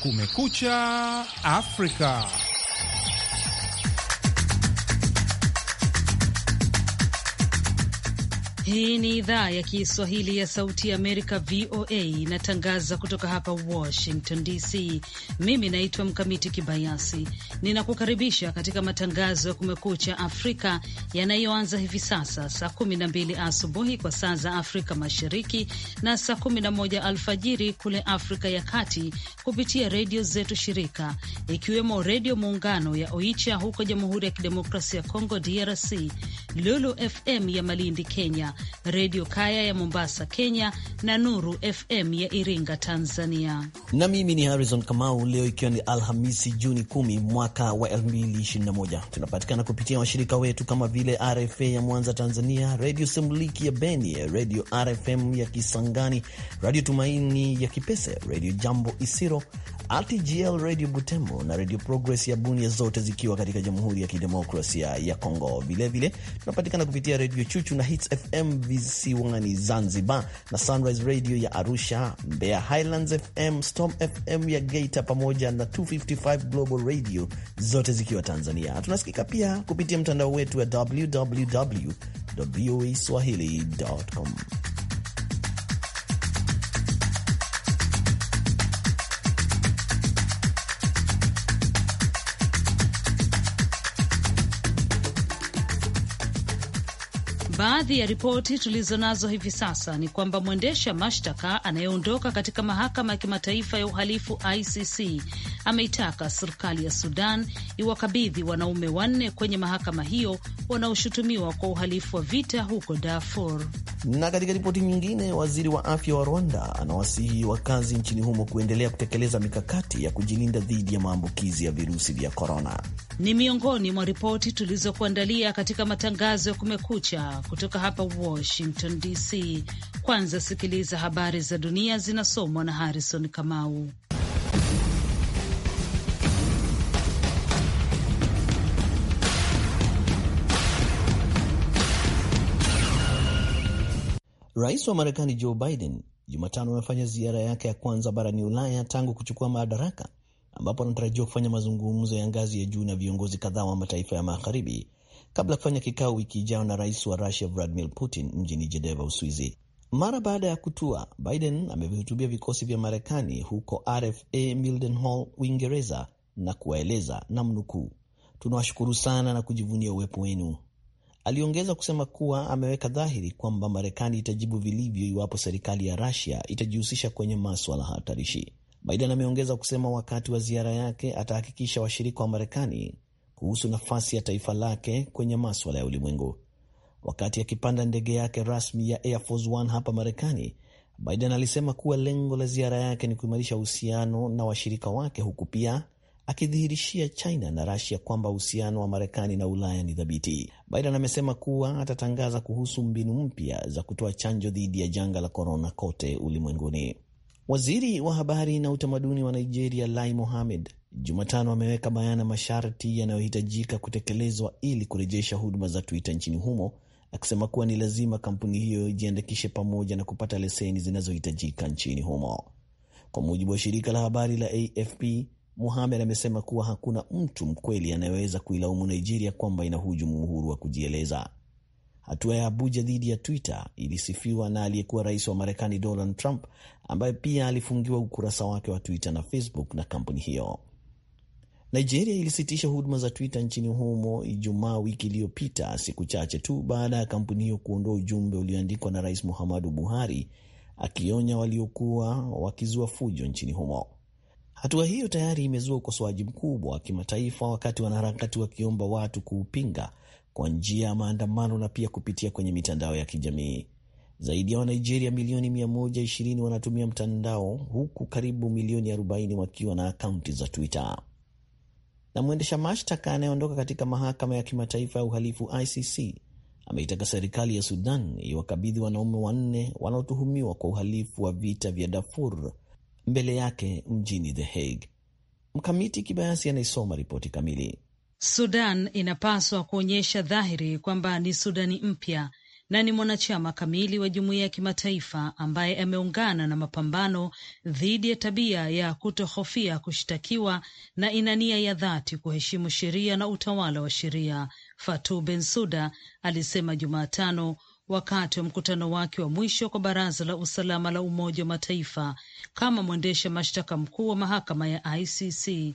Kumekucha Afrika. Hii ni idhaa ya Kiswahili ya Sauti ya Amerika, VOA, inatangaza kutoka hapa Washington DC. Mimi naitwa Mkamiti Kibayasi, ninakukaribisha katika matangazo ya Kumekucha Afrika yanayoanza hivi sasa saa 12 asubuhi kwa saa za Afrika Mashariki na saa 11 alfajiri kule Afrika ya Kati, kupitia redio zetu shirika, ikiwemo Redio Muungano ya Oicha huko Jamhuri ya Kidemokrasia ya Kongo, DRC, Lulu FM ya Malindi, Kenya, Redio Kaya ya Mombasa, Kenya na Nuru FM ya Iringa, Tanzania. Na mimi ni Harrison Kamau. Leo ikiwa ni Alhamisi Juni 10 mwaka wa 2021, tunapatikana kupitia washirika wetu kama vile RFA ya Mwanza, Tanzania, Redio Semliki ya Beni, Redio RFM ya Kisangani, Radio Tumaini ya Kipese, Redio Jambo Isiro, RTGL Radio Butembo na Radio Progress ya Bunia, zote zikiwa katika Jamhuri ya Kidemokrasia ya Kongo. Vilevile tunapatikana kupitia Redio Chuchu na Hits FM FM visiwani Zanzibar na Sunrise Radio ya Arusha, Mbeya Highlands FM, Storm FM ya Geita pamoja na 255 Global Radio zote zikiwa Tanzania. Tunasikika pia kupitia mtandao wetu wa www voa swahili.com. Baadhi ya ripoti tulizo nazo hivi sasa ni kwamba mwendesha mashtaka anayeondoka katika mahakama ya kimataifa ya uhalifu ICC ameitaka serikali ya Sudan iwakabidhi wanaume wanne kwenye mahakama hiyo wanaoshutumiwa kwa uhalifu wa vita huko Darfur. Na katika ripoti nyingine, waziri wa afya wa Rwanda anawasihi wakazi nchini humo kuendelea kutekeleza mikakati ya kujilinda dhidi ya maambukizi ya virusi vya korona. Ni miongoni mwa ripoti tulizokuandalia katika matangazo ya Kumekucha kutoka hapa Washington DC. Kwanza sikiliza habari za dunia zinasomwa na Harrison Kamau. Rais wa Marekani Joe Biden Jumatano amefanya ziara yake ya kwanza barani Ulaya tangu kuchukua madaraka, ambapo anatarajiwa kufanya mazungumzo ya ngazi ya juu na viongozi kadhaa wa mataifa ya magharibi kabla ya kufanya kikao wiki ijayo na rais wa Rusia Vladimir Putin mjini Jeneva, Uswizi. Mara baada ya kutua, Biden amevihutubia vikosi vya Marekani huko RFA Mildenhall, Uingereza, na kuwaeleza na mnukuu, tunawashukuru sana na kujivunia uwepo wenu Aliongeza kusema kuwa ameweka dhahiri kwamba Marekani itajibu vilivyo iwapo serikali ya rasia itajihusisha kwenye maswala hatarishi. Biden ameongeza kusema wakati wa ziara yake atahakikisha washirika wa Marekani kuhusu nafasi ya taifa lake kwenye maswala ya ulimwengu. Wakati akipanda ya ndege yake rasmi ya Air Force One hapa Marekani, Biden alisema kuwa lengo la ziara yake ni kuimarisha uhusiano na washirika wake huku pia akidhihirishia China na rasia kwamba uhusiano wa Marekani na Ulaya ni thabiti. Biden amesema kuwa atatangaza kuhusu mbinu mpya za kutoa chanjo dhidi ya janga la korona kote ulimwenguni. Waziri wa habari na utamaduni wa Nigeria Lai Mohammed Jumatano ameweka bayana masharti yanayohitajika kutekelezwa ili kurejesha huduma za Twitter nchini humo, akisema kuwa ni lazima kampuni hiyo ijiandikishe pamoja na kupata leseni zinazohitajika nchini humo. Kwa mujibu wa shirika la habari la AFP, Muhamed amesema kuwa hakuna mtu mkweli anayeweza kuilaumu Nigeria kwamba inahujumu uhuru wa kujieleza. Hatua ya Abuja dhidi ya Twitter ilisifiwa na aliyekuwa rais wa Marekani Donald Trump, ambaye pia alifungiwa ukurasa wake wa Twitter na Facebook na kampuni hiyo. Nigeria ilisitisha huduma za Twitter nchini humo Ijumaa wiki iliyopita, siku chache tu baada ya kampuni hiyo kuondoa ujumbe ulioandikwa na Rais Muhammadu Buhari akionya waliokuwa wakizua fujo nchini humo. Hatua hiyo tayari imezua ukosoaji mkubwa wa kimataifa, wakati wanaharakati wakiomba watu kuupinga kwa njia ya maandamano na pia kupitia kwenye mitandao ya kijamii. Zaidi ya Wanigeria milioni 120 wanatumia mtandao huku karibu milioni 40 wakiwa na akaunti za Twitter. Na mwendesha mashtaka anayeondoka katika mahakama ya kimataifa ya uhalifu ICC ameitaka serikali ya Sudan iwakabidhi wanaume wanne wanaotuhumiwa kwa uhalifu wa vita vya Darfur mbele yake mjini The Hague. Mkamiti Kibayasi anaisoma ripoti kamili. Sudan inapaswa kuonyesha dhahiri kwamba ni Sudani mpya na ni mwanachama kamili wa jumuiya ya kimataifa ambaye ameungana na mapambano dhidi ya tabia ya kutohofia kushtakiwa na ina nia ya dhati kuheshimu sheria na utawala wa sheria, Fatou Bensouda alisema Jumatano wakati wa mkutano wake wa mwisho kwa Baraza la Usalama la Umoja wa Mataifa kama mwendesha mashtaka mkuu wa mahakama ya ICC.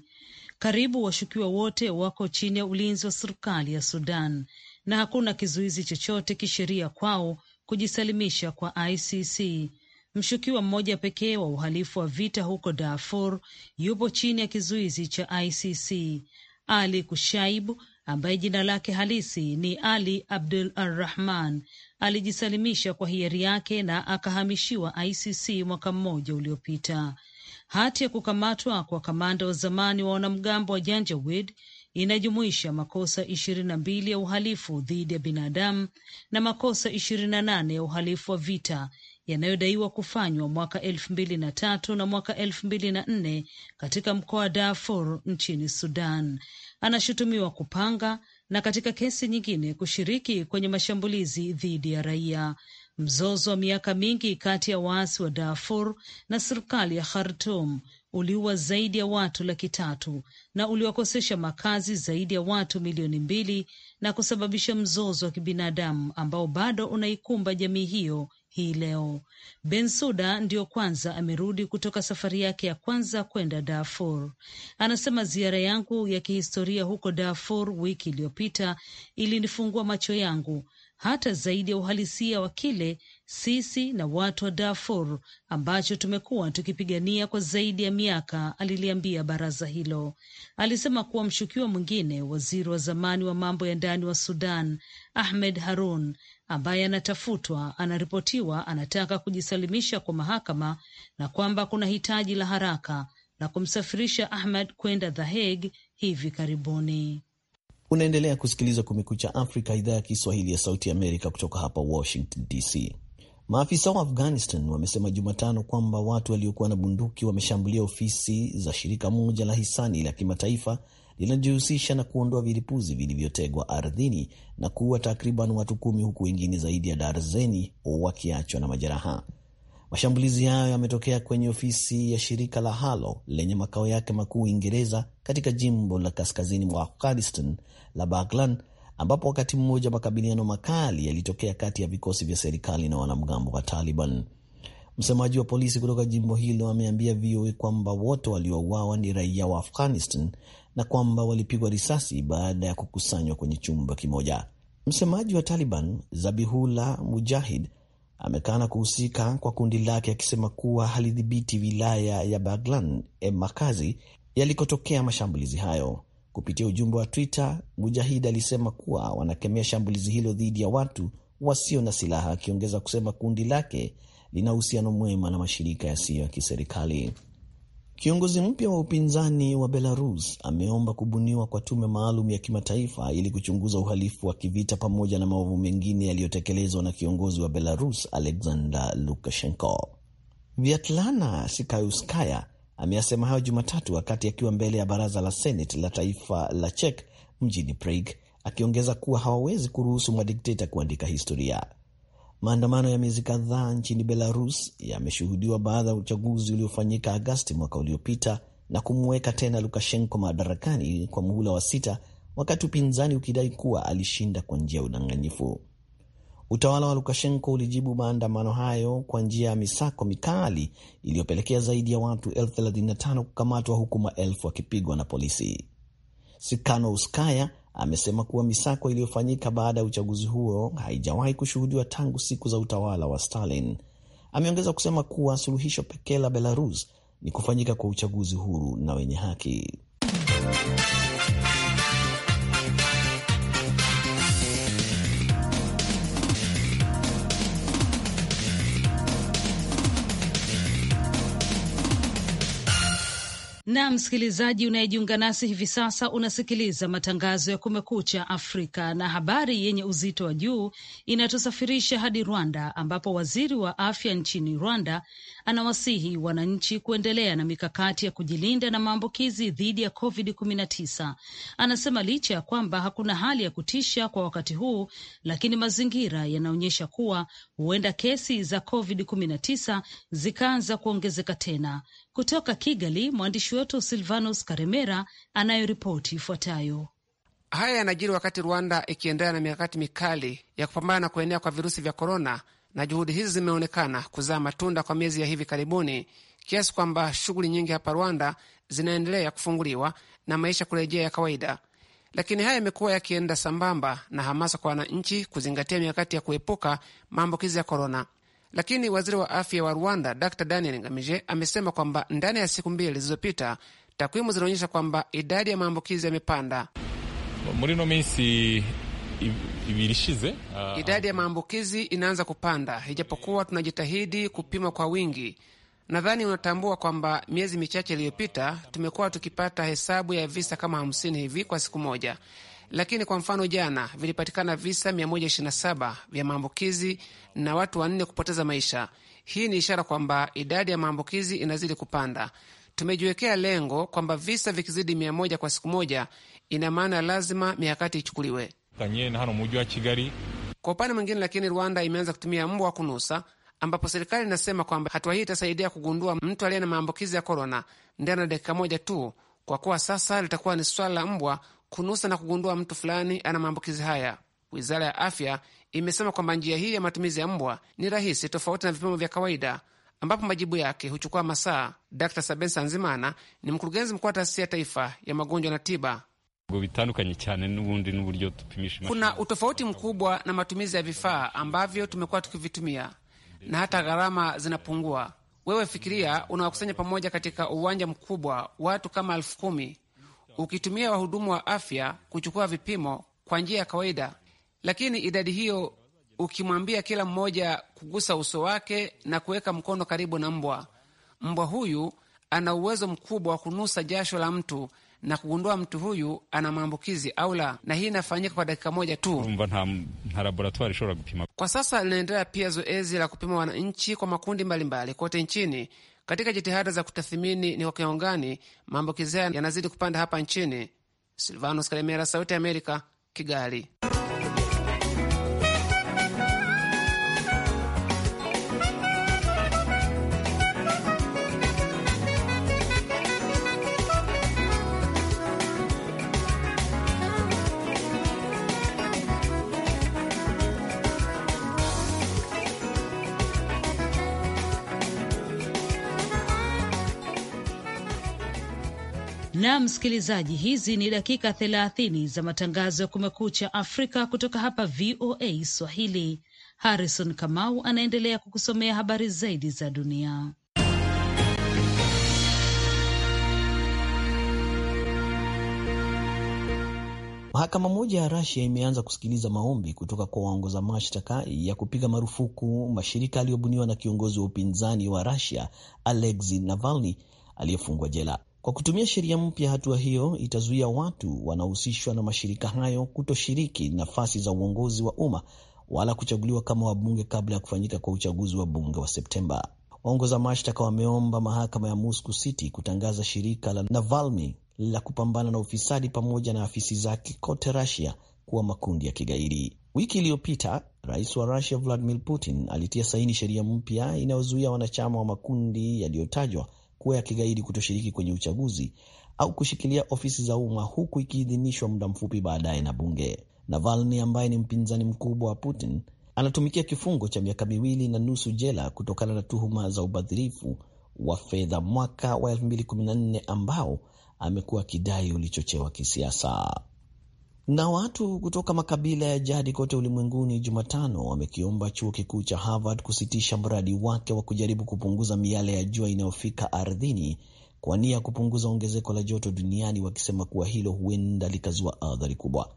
Karibu washukiwa wote wako chini ya ulinzi wa serikali ya Sudan na hakuna kizuizi chochote kisheria kwao kujisalimisha kwa ICC. Mshukiwa mmoja pekee wa uhalifu wa vita huko Darfur yupo chini ya kizuizi cha ICC. Ali Kushaibu ambaye jina lake halisi ni Ali Abdul Arrahman alijisalimisha kwa hiari yake na akahamishiwa ICC mwaka mmoja uliopita. Hati ya kukamatwa kwa kamanda wa zamani wa wanamgambo wa Janjaweed inajumuisha makosa ishirini na mbili ya uhalifu dhidi ya binadamu na makosa ishirini na nane ya uhalifu wa vita yanayodaiwa kufanywa mwaka elfu mbili na tatu na mwaka elfu mbili na nne katika mkoa wa Darfur nchini Sudan. Anashutumiwa kupanga na katika kesi nyingine kushiriki kwenye mashambulizi dhidi ya raia. Mzozo wa miaka mingi kati ya waasi wa Darfur na serikali ya Khartum uliua zaidi ya watu laki tatu na uliwakosesha makazi zaidi ya watu milioni mbili na kusababisha mzozo wa kibinadamu ambao bado unaikumba jamii hiyo hii leo. suda ndiyo kwanza amerudi kutoka safari yake ya kwanza kwenda Darfur. Anasema ziara yangu ya kihistoria huko Darfur wiki iliyopita ilinifungua macho yangu hata zaidi ya uhalisia wa kile sisi na watu wa Darfur ambacho tumekuwa tukipigania kwa zaidi ya miaka, aliliambia baraza hilo. Alisema kuwa mshukiwa mwingine, waziri wa zamani wa mambo ya ndani wa Sudan Ahmed Harun, ambaye anatafutwa anaripotiwa anataka kujisalimisha kwa mahakama na kwamba kuna hitaji la haraka la kumsafirisha ahmed kwenda The Hague hivi karibuni. Unaendelea kusikiliza Kumekucha Afrika, idhaa ya Kiswahili ya Sauti Amerika, kutoka hapa Washington DC. Maafisa wa Afghanistan wamesema Jumatano kwamba watu waliokuwa na bunduki wameshambulia ofisi za shirika moja la hisani la kimataifa linajihusisha na kuondoa vilipuzi vilivyotegwa ardhini na kuua takriban watu kumi huku wengine zaidi ya darzeni wakiachwa na majeraha. Mashambulizi hayo yametokea kwenye ofisi ya shirika la Halo lenye makao yake makuu Uingereza, katika jimbo la kaskazini mwa Afghanistan la Baghlan, ambapo wakati mmoja makabiliano makali yalitokea kati ya vikosi vya serikali na wanamgambo wa Taliban. Msemaji wa polisi kutoka jimbo hilo ameambia VOA kwamba wote waliouawa ni raia wa Afghanistan na kwamba walipigwa risasi baada ya kukusanywa kwenye chumba kimoja. Msemaji wa Taliban Zabihullah Mujahid amekana kuhusika kwa kundi lake akisema kuwa halidhibiti wilaya ya Baglan e makazi yalikotokea mashambulizi hayo. Kupitia ujumbe wa Twitter, Mujahid alisema kuwa wanakemea shambulizi hilo dhidi ya watu wasio na silaha, akiongeza kusema kundi lake lina uhusiano mwema na mashirika yasiyo ya kiserikali. Kiongozi mpya wa upinzani wa Belarus ameomba kubuniwa kwa tume maalum ya kimataifa ili kuchunguza uhalifu wa kivita pamoja na maovu mengine yaliyotekelezwa na kiongozi wa Belarus Alexander Lukashenko. Vyatlana Sikauskaya ameyasema hayo Jumatatu wakati akiwa mbele ya baraza la Seneti la taifa la Czech mjini Prague, akiongeza kuwa hawawezi kuruhusu madikteta kuandika historia. Maandamano ya miezi kadhaa nchini Belarus yameshuhudiwa baada ya uchaguzi uliofanyika Agasti mwaka uliopita na kumweka tena Lukashenko madarakani kwa muhula wa sita, wakati upinzani ukidai kuwa alishinda kwa njia ya udanganyifu. Utawala wa Lukashenko ulijibu maandamano hayo kwa njia ya misako mikali iliyopelekea zaidi ya watu elfu 35 kukamatwa huku maelfu wakipigwa na polisi. Sikanouskaya amesema kuwa misako iliyofanyika baada ya uchaguzi huo haijawahi kushuhudiwa tangu siku za utawala wa Stalin. Ameongeza kusema kuwa suluhisho pekee la Belarus ni kufanyika kwa uchaguzi huru na wenye haki. na msikilizaji unayejiunga nasi hivi sasa, unasikiliza matangazo ya Kumekucha Afrika, na habari yenye uzito wa juu inatusafirisha hadi Rwanda, ambapo waziri wa afya nchini Rwanda anawasihi wananchi kuendelea na mikakati ya kujilinda na maambukizi dhidi ya COVID-19. Anasema licha ya kwamba hakuna hali ya kutisha kwa wakati huu, lakini mazingira yanaonyesha kuwa huenda kesi za COVID-19 zikaanza kuongezeka tena. Kutoka Kigali, mwandishi wetu Silvanus Karemera anayoripoti ifuatayo. Haya yanajiri wakati Rwanda ikiendelea na mikakati mikali ya kupambana na kuenea kwa virusi vya korona na juhudi hizi zimeonekana kuzaa matunda kwa miezi ya hivi karibuni, kiasi kwamba shughuli nyingi hapa Rwanda zinaendelea kufunguliwa na maisha kurejea ya kawaida. Lakini haya yamekuwa yakienda sambamba na hamasa kwa wananchi kuzingatia mikakati ya kuepuka maambukizi ya korona. Lakini waziri wa afya wa Rwanda Dr Daniel Ngamije amesema kwamba ndani ya siku mbili zilizopita takwimu zinaonyesha kwamba idadi ya maambukizi yamepanda. No misi ibirishize uh, idadi ya maambukizi inaanza kupanda, ijapokuwa tunajitahidi kupima kwa wingi. Nadhani unatambua kwamba miezi michache iliyopita tumekuwa tukipata hesabu ya visa kama hamsini hivi kwa siku moja, lakini kwa mfano jana vilipatikana visa 127 vya maambukizi na watu wanne kupoteza maisha. Hii ni ishara kwamba idadi ya maambukizi inazidi kupanda. Tumejiwekea lengo kwamba visa vikizidi mia moja kwa siku moja, ina maana lazima mikakati ichukuliwe. Kwa upande mwingine, lakini Rwanda imeanza kutumia mbwa wa kunusa, ambapo serikali inasema kwamba hatua hii itasaidia kugundua mtu aliye na maambukizi ya korona ndani ya dakika moja tu, kwa kuwa sasa litakuwa ni swala la mbwa kunusa na kugundua mtu fulani ana maambukizi haya. Wizara ya afya imesema kwamba njia hii ya matumizi ya mbwa ni rahisi, tofauti na vipimo vya kawaida ambapo majibu yake huchukua masaa. Dr Sabensa Nzimana ni mkurugenzi mkuu wa taasisi ya taifa ya magonjwa na tiba kuna utofauti mkubwa na matumizi ya vifaa ambavyo tumekuwa tukivitumia na hata gharama zinapungua. Wewe fikiria, unawakusanya pamoja katika uwanja mkubwa watu kama elfu kumi ukitumia wahudumu wa afya kuchukua vipimo kwa njia ya kawaida, lakini idadi hiyo ukimwambia kila mmoja kugusa uso wake na kuweka mkono karibu na mbwa, mbwa huyu ana uwezo mkubwa wa kunusa jasho la mtu na kugundua mtu huyu ana maambukizi au la, na hii inafanyika kwa dakika moja tu. Kwa sasa linaendelea pia zoezi la kupima wananchi kwa makundi mbalimbali kote nchini katika jitihada za kutathimini ni kwa kiwango gani maambukizi haya yanazidi kupanda hapa nchini. Silvanos Kalemera, Sauti ya Amerika, Kigali. Na msikilizaji, hizi ni dakika thelathini za matangazo ya Kumekucha Afrika kutoka hapa VOA Swahili. Harrison Kamau anaendelea kukusomea habari zaidi za dunia. Mahakama moja ya Rasia imeanza kusikiliza maombi kutoka kwa waongoza mashtaka ya kupiga marufuku mashirika aliyobuniwa na kiongozi wa upinzani wa Rasia Alexei Navalny aliyefungwa jela. Kwa kutumia sheria mpya, hatua hiyo itazuia watu wanaohusishwa na mashirika hayo kutoshiriki nafasi za uongozi wa umma wala kuchaguliwa kama wabunge kabla ya kufanyika kwa uchaguzi wa bunge wa Septemba. Waongoza mashtaka wameomba mahakama ya Moscow City kutangaza shirika la Navalny la kupambana na ufisadi pamoja na afisi zake kote Russia kuwa makundi ya kigaidi. Wiki iliyopita rais wa Russia Vladimir Putin alitia saini sheria mpya inayozuia wanachama wa makundi yaliyotajwa kuwa ya kigaidi kutoshiriki kwenye uchaguzi au kushikilia ofisi za umma huku ikiidhinishwa muda mfupi baadaye na bunge. Navalny ambaye ni mpinzani mkubwa wa Putin anatumikia kifungo cha miaka miwili na nusu jela kutokana na tuhuma za ubadhirifu wa fedha mwaka wa 2014 ambao amekuwa akidai ulichochewa kisiasa. Na watu kutoka makabila ya jadi kote ulimwenguni Jumatano wamekiomba chuo kikuu cha Harvard kusitisha mradi wake wa kujaribu kupunguza miale ya jua inayofika ardhini kwa nia ya kupunguza ongezeko la joto duniani, wakisema kuwa hilo huenda likazua athari kubwa.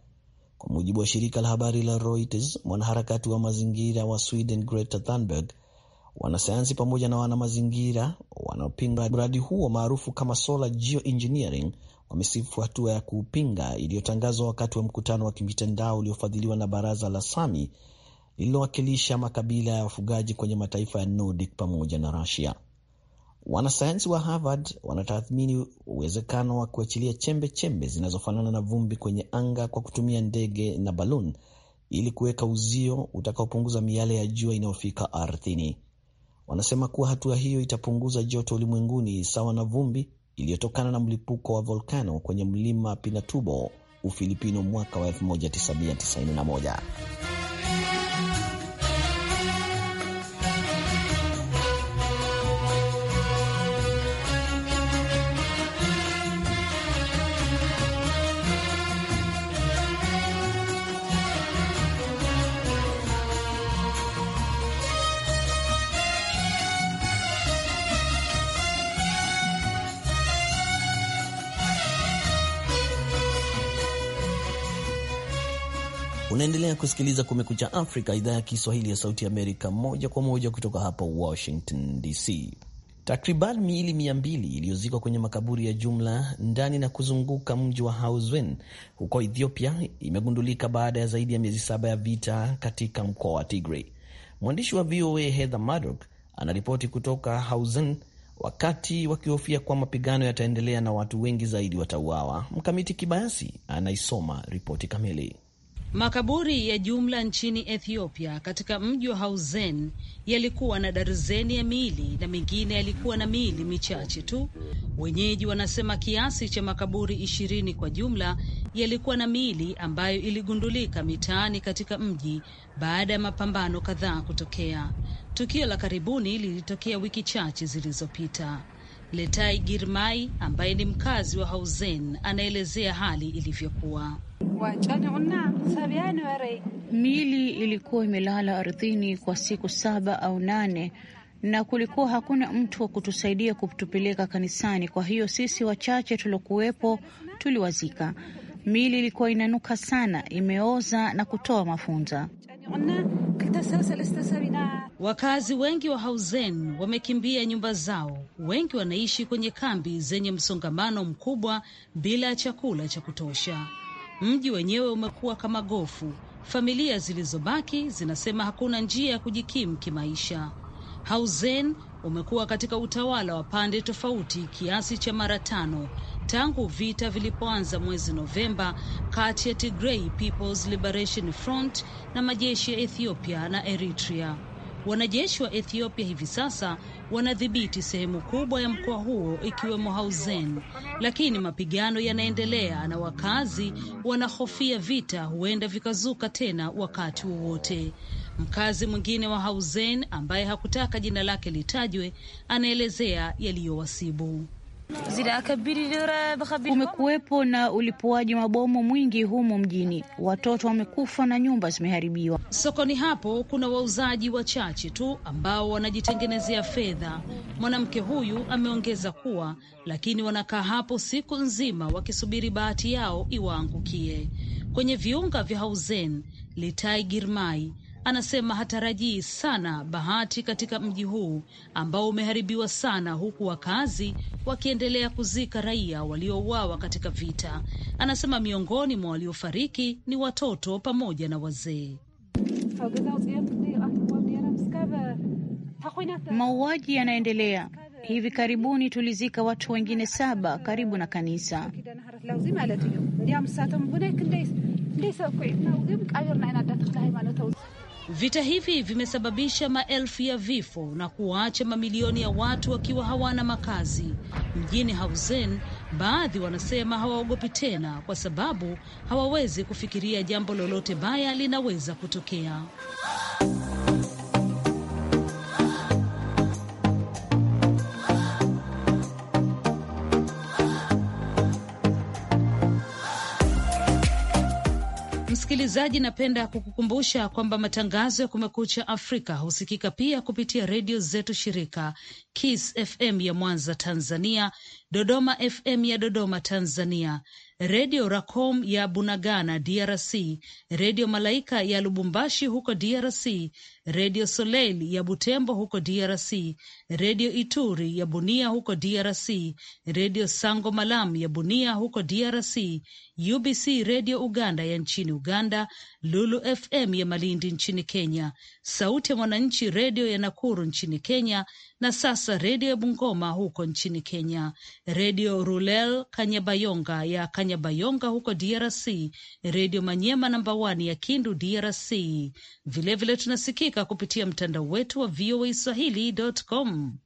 Kwa mujibu wa shirika la habari la Reuters, mwanaharakati wa mazingira wa Sweden Greta Thunberg, wanasayansi pamoja na wanamazingira wanaopinga mradi huo maarufu kama solar geoengineering wamesifu hatua ya kuupinga iliyotangazwa wakati wa mkutano wa kimitandao uliofadhiliwa na baraza la Sami lililowakilisha makabila ya wafugaji kwenye mataifa ya Nordic pamoja na Russia. Wanasayansi wa Harvard wanatathmini uwezekano wa kuachilia chembe chembe zinazofanana na vumbi kwenye anga kwa kutumia ndege na balon ili kuweka uzio utakaopunguza miale ya jua inayofika ardhini. Wanasema kuwa hatua hiyo itapunguza joto ulimwenguni sawa na vumbi iliyotokana na mlipuko wa volkano kwenye mlima Pinatubo, Ufilipino mwaka wa 1991. Unaendelea kusikiliza Kumekucha Afrika, idhaa ya Kiswahili ya Sauti Amerika, moja kwa moja kutoka hapa Washington DC. Takriban miili mia mbili iliyozikwa kwenye makaburi ya jumla ndani na kuzunguka mji wa Hauswen huko Ethiopia imegundulika baada ya zaidi ya miezi saba ya vita katika mkoa wa Tigray. Mwandishi wa VOA Heather Murdock anaripoti kutoka hausen wakati wakihofia kwa mapigano yataendelea na watu wengi zaidi watauawa. Mkamiti Kibayasi anaisoma ripoti kamili. Makaburi ya jumla nchini Ethiopia katika mji wa Hauzen yalikuwa na darzeni ya miili na mengine yalikuwa na miili michache tu. Wenyeji wanasema kiasi cha makaburi ishirini kwa jumla yalikuwa na miili ambayo iligundulika mitaani katika mji baada ya mapambano kadhaa kutokea. Tukio la karibuni lilitokea wiki chache zilizopita. Letai Girmai ambaye ni mkazi wa hausen anaelezea hali ilivyokuwa. Miili ilikuwa imelala ardhini kwa siku saba au nane na kulikuwa hakuna mtu wa kutusaidia kutupeleka kanisani. Kwa hiyo sisi wachache tuliokuwepo tuliwazika. Miili ilikuwa inanuka sana, imeoza na kutoa mafunza. Wakazi wengi wa Hauzen wamekimbia nyumba zao, wengi wanaishi kwenye kambi zenye msongamano mkubwa bila ya chakula cha kutosha. Mji wenyewe umekuwa kama gofu. Familia zilizobaki zinasema hakuna njia ya kujikimu kimaisha. Hauzen umekuwa katika utawala wa pande tofauti kiasi cha mara tano tangu vita vilipoanza mwezi Novemba kati ya Tigray People's Liberation Front na majeshi ya Ethiopia na Eritrea. Wanajeshi wa Ethiopia hivi sasa wanadhibiti sehemu kubwa ya mkoa huo ikiwemo Hauzen, lakini mapigano yanaendelea na wakazi wanahofia vita huenda vikazuka tena wakati wowote. Mkazi mwingine wa Hauzen ambaye hakutaka jina lake litajwe anaelezea yaliyowasibu. Kumekuwepo na ulipuaji mabomu mwingi humu mjini, watoto wamekufa na nyumba zimeharibiwa. Sokoni hapo kuna wauzaji wachache tu ambao wanajitengenezea fedha. Mwanamke huyu ameongeza kuwa, lakini wanakaa hapo siku nzima wakisubiri bahati yao iwaangukie. Kwenye viunga vya Hauzen, Litai Girmai anasema hatarajii sana bahati katika mji huu ambao umeharibiwa sana, huku wakazi wakiendelea kuzika raia waliouawa katika vita. Anasema miongoni mwa waliofariki ni watoto pamoja na wazee. Mauaji yanaendelea. Hivi karibuni tulizika watu wengine saba karibu na kanisa. Vita hivi vimesababisha maelfu ya vifo na kuwaacha mamilioni ya watu wakiwa hawana makazi mjini Hauzen. Baadhi wanasema hawaogopi tena kwa sababu hawawezi kufikiria jambo lolote baya linaweza kutokea. Msikilizaji, napenda kukukumbusha kwamba matangazo ya Kumekucha Afrika husikika pia kupitia redio zetu shirika Kiss FM ya Mwanza Tanzania, Dodoma FM ya Dodoma Tanzania, Redio Racom ya Bunagana DRC, Redio Malaika ya Lubumbashi huko DRC, Redio Soleil ya Butembo huko DRC, Redio Ituri ya Bunia huko DRC, Redio Sango Malam ya Bunia huko DRC, UBC Redio Uganda ya nchini Uganda, Lulu FM ya Malindi nchini Kenya, Sauti ya Mwananchi Redio ya Nakuru nchini Kenya, na sasa Redio ya Bungoma huko nchini Kenya, Redio Rulel Kanyabayonga ya Kany Kanyabayonga huko DRC, Redio Manyema namba 1 ya Kindu DRC. Vilevile vile tunasikika kupitia mtandao wetu wa VOA Swahili.com.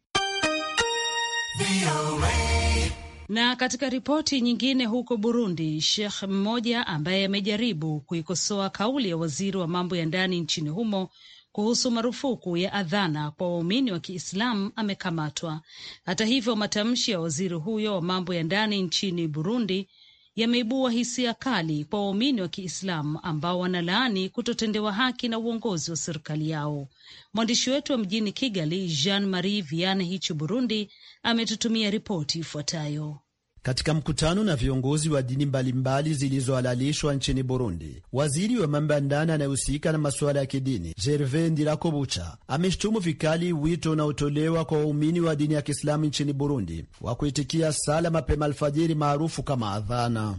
Na katika ripoti nyingine, huko Burundi, shekh mmoja ambaye amejaribu kuikosoa kauli ya waziri wa mambo ya ndani nchini humo kuhusu marufuku ya adhana kwa waumini wa Kiislamu amekamatwa. Hata hivyo, matamshi ya waziri huyo wa mambo ya ndani nchini Burundi yameibua hisia kali kwa waumini wa Kiislamu ambao wanalaani kutotendewa haki na uongozi wa serikali yao. Mwandishi wetu wa mjini Kigali, Jean Marie Viane Hichu, Burundi, ametutumia ripoti ifuatayo. Katika mkutano na viongozi wa dini mbalimbali zilizohalalishwa nchini Burundi, waziri wa mambo ya ndani anayehusika na masuala ya kidini Gerve Ndirakobucha ameshtumu vikali wito unaotolewa kwa waumini wa dini ya Kiislamu nchini Burundi wa kuitikia sala mapema alfajiri maarufu kama adhana.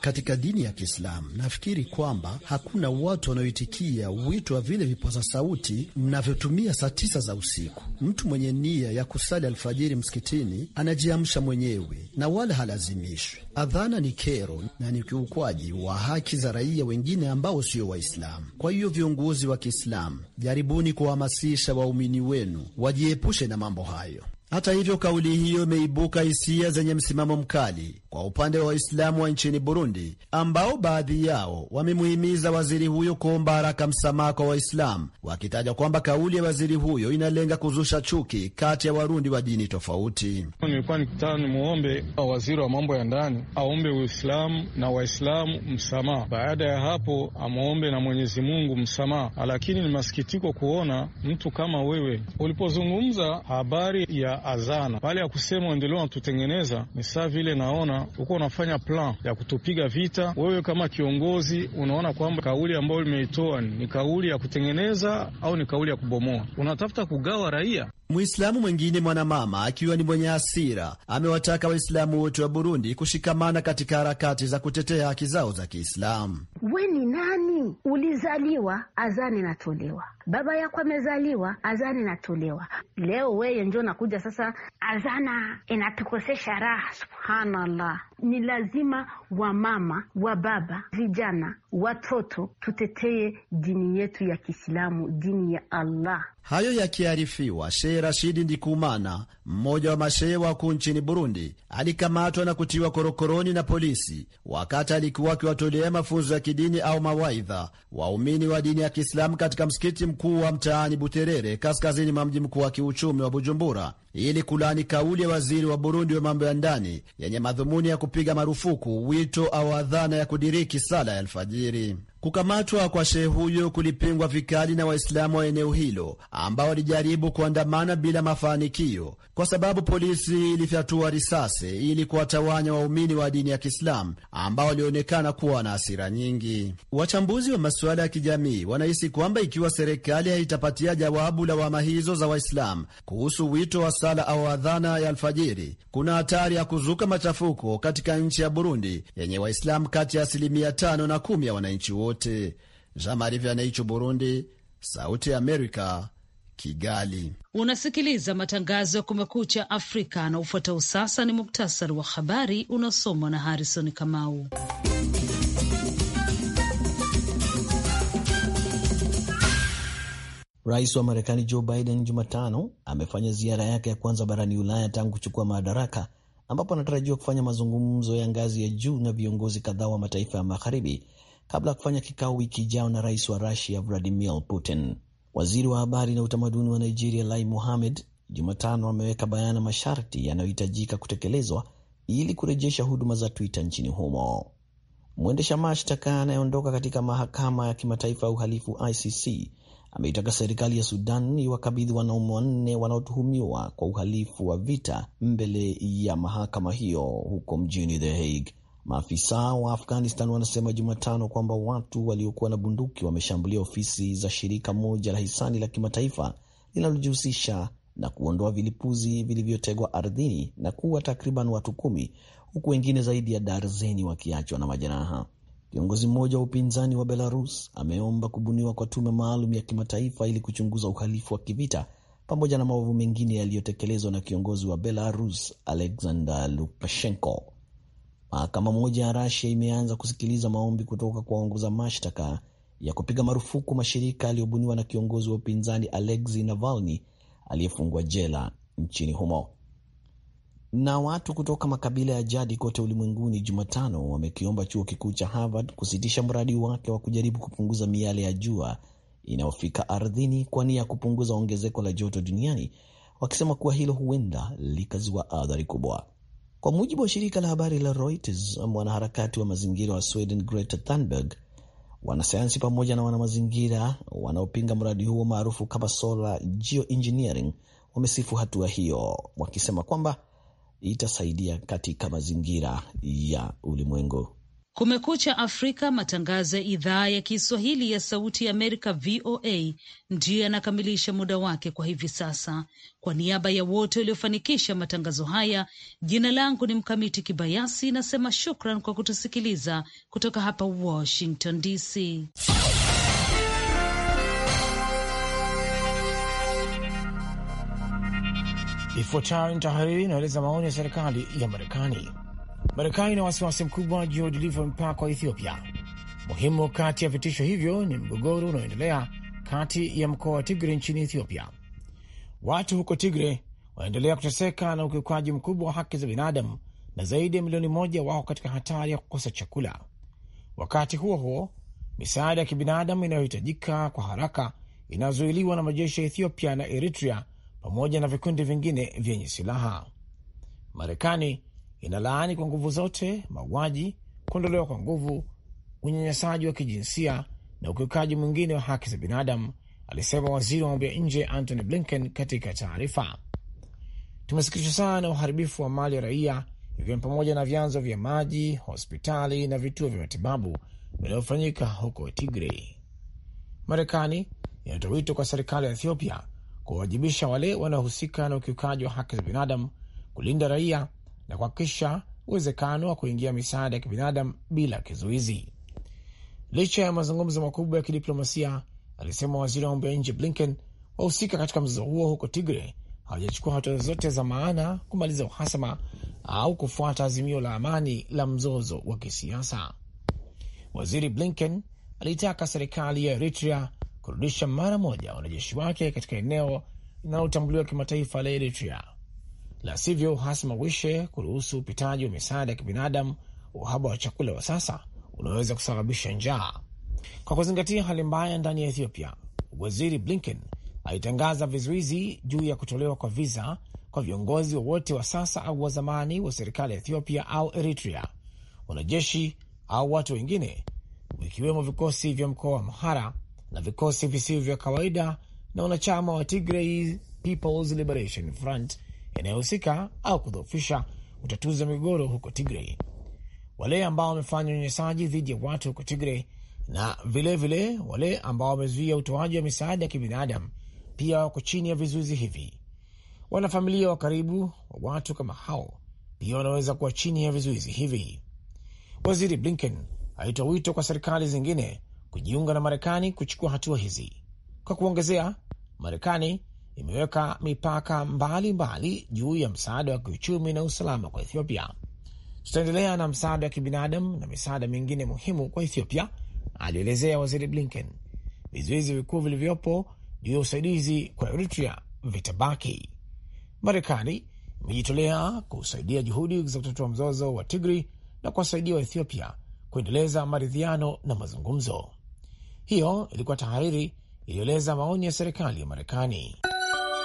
Katika dini ya Kiislamu nafikiri kwamba hakuna watu wanaoitikia wito wa vile vipaza sauti mnavyotumia saa tisa za usiku. Mtu mwenye nia ya kusali alfajiri msikitini anajiamsha mwenyewe na wala halazimishwi. Adhana ni kero na ni ukiukwaji wa haki za raia wengine ambao sio Waislamu. Kwa hiyo, viongozi wa Kiislamu, jaribuni kuwahamasisha waumini wenu wajiepushe na mambo hayo. Hata hivyo, kauli hiyo imeibuka hisia zenye msimamo mkali kwa upande wa Waislamu wa nchini Burundi, ambao baadhi yao wamemuhimiza waziri huyo kuomba haraka msamaha kwa Waislamu, wakitaja kwamba kauli ya waziri huyo inalenga kuzusha chuki kati ya Warundi wa dini tofauti. Nilikuwa nikutana nimwombe waziri wa mambo ya ndani aombe Uislamu na Waislamu msamaha, baada ya hapo amwombe na Mwenyezi Mungu msamaha. Lakini ni masikitiko kuona mtu kama wewe ulipozungumza habari ya azana pale ya kusema uendeleo wanatutengeneza. Ni saa vile naona uko unafanya plan ya kutupiga vita. Wewe kama kiongozi unaona kwamba kauli ambayo limeitoa ni kauli ya kutengeneza au ni kauli ya kubomoa? Unatafuta kugawa raia. Mwislamu mwingine mwanamama akiwa ni mwenye hasira amewataka Waislamu wote wa Burundi kushikamana katika harakati za kutetea haki zao za Kiislamu. We ni nani? Ulizaliwa, azani natolewa. Baba yako amezaliwa, azani natolewa. Leo weye njo nakuja sasa, azana inatukosesha raha. Subhanallah, ni lazima wamama, wa baba, vijana, watoto tutetee dini yetu ya Kiislamu, dini ya Allah. Hayo yakiarifiwa she Rashidi Ndikumana, mmoja wa mashehe wakuu nchini Burundi, alikamatwa na kutiwa korokoroni na polisi wakati alikuwa akiwatolea mafunzo ya kidini au mawaidha waumini wa dini ya Kiislamu katika msikiti mkuu wa mtaani Buterere, kaskazini mwa mji mkuu wa kiuchumi wa Bujumbura, ili kulani kauli ya waziri wa Burundi wa mambo ya ndani yenye madhumuni ya kupiga marufuku wito au adhana ya kudiriki sala ya alfajiri. Kukamatwa kwa shehe huyo kulipingwa vikali na Waislamu wa eneo hilo ambao walijaribu kuandamana bila mafanikio, kwa sababu polisi ilifyatua risasi ili kuwatawanya waumini wa dini ya Kiislamu ambao walionekana kuwa na hasira nyingi. Wachambuzi wa masuala ya kijamii wanahisi kwamba ikiwa serikali haitapatia jawabu lawama hizo za Waislamu kuhusu wito wa sala au adhana ya alfajiri, kuna hatari ya kuzuka machafuko katika nchi ya Burundi yenye Waislamu kati ya asilimia tano na kumi ya wananchi wote wote. Jean Marie Vianney, Burundi, Sauti ya Amerika, Kigali. Unasikiliza matangazo ya Kumekucha Afrika na ufuatao sasa ni muktasari wa habari unaosomwa na Harrison Kamau. Rais wa Marekani Joe Biden Jumatano amefanya ziara yake ya kwanza barani Ulaya tangu kuchukua madaraka, ambapo anatarajiwa kufanya mazungumzo ya ngazi ya juu na viongozi kadhaa wa mataifa ya magharibi kabla ya kufanya kikao wiki ijao na rais wa Rusia Vladimir Putin. Waziri wa habari na utamaduni wa Nigeria Lai Mohammed Jumatano ameweka bayana masharti yanayohitajika kutekelezwa ili kurejesha huduma za Twitter nchini humo. Mwendesha mashtaka anayeondoka katika mahakama ya kimataifa ya uhalifu ICC ameitaka serikali ya Sudan iwakabidhi wanaume wanne wanaotuhumiwa kwa uhalifu wa vita mbele ya mahakama hiyo huko mjini The Hague. Maafisa wa Afghanistan wanasema Jumatano kwamba watu waliokuwa na bunduki wameshambulia ofisi za shirika moja la hisani la kimataifa linalojihusisha na kuondoa vilipuzi vilivyotegwa ardhini na kuwa takriban watu kumi huku wengine zaidi ya darzeni wakiachwa na majeraha. Kiongozi mmoja wa upinzani wa Belarus ameomba kubuniwa kwa tume maalum ya kimataifa ili kuchunguza uhalifu wa kivita pamoja na maovu mengine yaliyotekelezwa na kiongozi wa Belarus Alexander Lukashenko. Mahakama moja ya rasia imeanza kusikiliza maombi kutoka kwa waongoza mashtaka ya kupiga marufuku mashirika yaliyobuniwa na kiongozi wa upinzani Alexei Navalny aliyefungwa jela nchini humo. Na watu kutoka makabila ya jadi kote ulimwenguni Jumatano wamekiomba chuo kikuu cha Harvard kusitisha mradi wake wa kujaribu kupunguza miale ya jua inayofika ardhini kwa nia ya kupunguza ongezeko la joto duniani, wakisema kuwa hilo huenda likaziwa athari kubwa. Kwa mujibu wa shirika la habari la Reuters, mwanaharakati wa mazingira wa Sweden Greta Thunberg, wanasayansi pamoja na wanamazingira wanaopinga mradi huo maarufu kama solar geoengineering wamesifu hatua hiyo, wakisema kwamba itasaidia katika mazingira ya ulimwengu. Kumekucha Afrika, matangazo ya idhaa ya Kiswahili ya Sauti ya Amerika, VOA, ndiyo yanakamilisha muda wake kwa hivi sasa. Kwa niaba ya wote waliofanikisha matangazo haya, jina langu ni Mkamiti Kibayasi, nasema shukran kwa kutusikiliza kutoka hapa Washington DC. Ifuatayo ni tahariri inaeleza maoni ya serikali ya Marekani. Marekani ina wasiwasi mkubwa juu ya uadilifu wa mpaka wa Ethiopia. Muhimu kati ya vitisho hivyo ni mgogoro unaoendelea kati ya mkoa wa Tigre nchini Ethiopia. Watu huko Tigre wanaendelea kuteseka na ukiukaji mkubwa wa haki za binadamu na zaidi ya milioni moja wako katika hatari ya kukosa chakula. Wakati huo huo, misaada ya kibinadamu inayohitajika kwa haraka inazuiliwa na majeshi ya Ethiopia na Eritrea pamoja na vikundi vingine vyenye silaha. Marekani inalaani kwa nguvu zote mauaji, kuondolewa kwa nguvu, unyanyasaji wa kijinsia na ukiukaji mwingine wa haki za binadamu, alisema waziri wa mambo ya nje Antony Blinken katika taarifa. Tumesikitishwa sana na uharibifu wa mali ya raia, ikiwa ni pamoja na vyanzo vya maji, hospitali na vituo vya matibabu vinavyofanyika huko Tigrei. Marekani inatoa wito kwa serikali ya Ethiopia kuwawajibisha wale wanaohusika na ukiukaji wa haki za binadamu, kulinda raia na kuhakikisha uwezekano wa kuingia misaada ya kibinadamu bila kizuizi. Licha ya mazungumzo makubwa ya kidiplomasia, alisema waziri wa mambo ya nje Blinken, wahusika katika mzozo huo huko Tigre hawajachukua hatua zote za maana kumaliza uhasama au kufuata azimio la amani la mzozo wa kisiasa. Waziri Blinken aliitaka serikali ya Eritrea kurudisha mara moja wanajeshi wake katika eneo linalotambuliwa kimataifa la Eritrea la sivyo hasima wishe kuruhusu upitaji wa misaada ya kibinadamu. Uhaba wa chakula wa sasa unaweza kusababisha njaa. Kwa kuzingatia hali mbaya ndani ya Ethiopia, waziri Blinken alitangaza vizuizi juu ya kutolewa kwa viza kwa viongozi wowote wa, wa sasa au wa zamani wa serikali ya Ethiopia au Eritrea, wanajeshi au watu wengine, wikiwemo vikosi vya mkoa wa Amhara na vikosi visivyo vya kawaida na wanachama wa Tigray People's Liberation Front yanayohusika au kudhoofisha utatuzi wa migogoro huko Tigrey. Wale ambao wamefanya unyanyasaji dhidi ya watu huko Tigray na vilevile vile, wale ambao wamezuia utoaji wa misaada ya kibinadamu pia wako chini ya vizuizi hivi. Wanafamilia wa karibu wa watu kama hao pia wanaweza kuwa chini ya vizuizi hivi. Waziri Blinken alitoa wito kwa serikali zingine kujiunga na Marekani kuchukua hatua hizi. Kwa kuongezea, Marekani imeweka mipaka mbalimbali mbali juu ya msaada wa kiuchumi na usalama kwa Ethiopia. Tutaendelea na msaada wa kibinadamu na misaada mingine muhimu kwa Ethiopia, alielezea waziri Blinken. Vizuizi vikuu vilivyopo juu ya usaidizi kwa Eritrea vitabaki. Marekani imejitolea kusaidia juhudi za kutatua mzozo wa Tigri na kuwasaidia wa Ethiopia kuendeleza maridhiano na mazungumzo. Hiyo ilikuwa tahariri iliyoeleza maoni ya serikali ya Marekani.